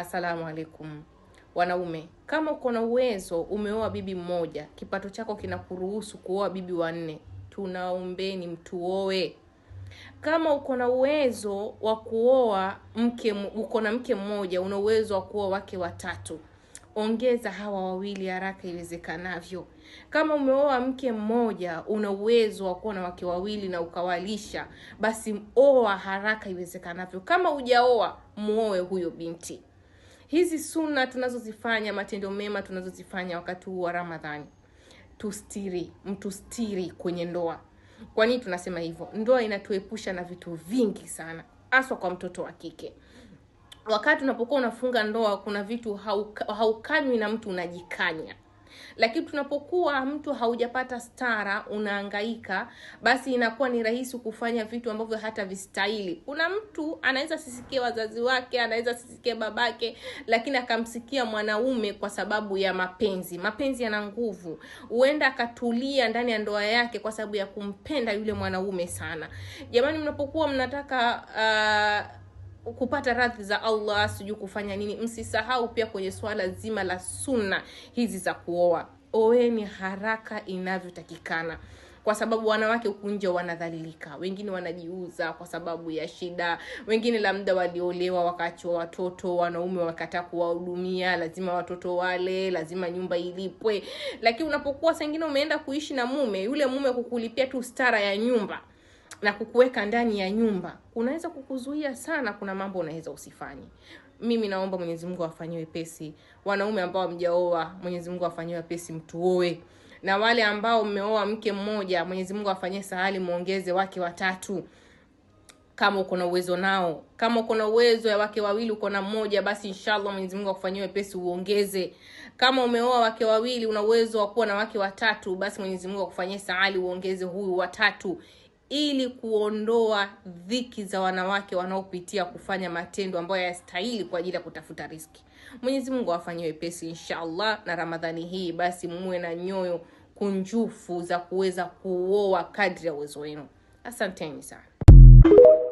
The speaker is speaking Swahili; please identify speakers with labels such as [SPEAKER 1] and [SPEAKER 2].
[SPEAKER 1] Asalamu alaikum. Wanaume, kama uko na uwezo umeoa bibi mmoja, kipato chako kinakuruhusu kuoa bibi wanne, tunaombeni mtuoe. Kama uko na uwezo wa kuoa mke, uko na mke mmoja, una uwezo wa kuoa wake watatu, ongeza hawa wawili haraka iwezekanavyo. Kama umeoa mke mmoja, una uwezo wa kuwa na wake wawili na ukawalisha, basi oa haraka iwezekanavyo. Kama ujaoa muoe huyo binti hizi suna tunazozifanya, matendo mema tunazozifanya wakati huu wa Ramadhani, tustiri, mtustiri kwenye ndoa. Kwa nini tunasema hivyo? Ndoa inatuepusha na vitu vingi sana, haswa kwa mtoto wa kike. Wakati unapokuwa unafunga ndoa, kuna vitu haukanywi na mtu unajikanya lakini tunapokuwa mtu haujapata stara, unaangaika, basi inakuwa ni rahisi kufanya vitu ambavyo hata vistahili. Kuna mtu anaweza sisikie wazazi wake, anaweza sisikie babake, lakini akamsikia mwanaume kwa sababu ya mapenzi. Mapenzi yana nguvu, huenda akatulia ndani ya ndoa yake kwa sababu ya kumpenda yule mwanaume sana. Jamani, mnapokuwa mnataka uh, kupata radhi za Allah, sijui kufanya nini. Msisahau pia kwenye swala zima la sunna hizi za kuoa, oeni haraka inavyotakikana kwa sababu wanawake huku nje wanadhalilika, wengine wanajiuza kwa sababu ya shida, wengine la mda waliolewa wakaachiwa watoto, wanaume wakataa kuwahudumia, lazima watoto wale, lazima nyumba ilipwe. Lakini unapokuwa saa umeenda kuishi na mume, yule mume kukulipia tu stara ya nyumba na kukuweka ndani ya nyumba kunaweza kukuzuia sana. Kuna mambo unaweza usifanye. Mimi naomba Mwenyezi Mungu awafanyie wepesi wanaume ambao mjaoa Mwenyezi Mungu awafanyie wepesi mtuoe, na wale ambao mmeoa mke mmoja, Mwenyezi Mungu awafanyie sahali, muongeze wake watatu kama uko na uwezo nao. Kama uko na uwezo ya wake wawili, uko na mmoja, basi inshallah Mwenyezi Mungu akufanyie wepesi uongeze. Kama umeoa wake wawili, una uwezo wa kuwa na wake watatu, basi Mwenyezi Mungu akufanyie saali, uongeze huyu watatu, ili kuondoa dhiki za wanawake wanaopitia kufanya matendo ambayo hayastahili kwa ajili ya kutafuta riski. Mwenyezi Mungu awafanyie wepesi inshallah, na Ramadhani hii basi muwe na nyoyo kunjufu za kuweza kuoa kadri ya uwezo wenu. Asanteni sana.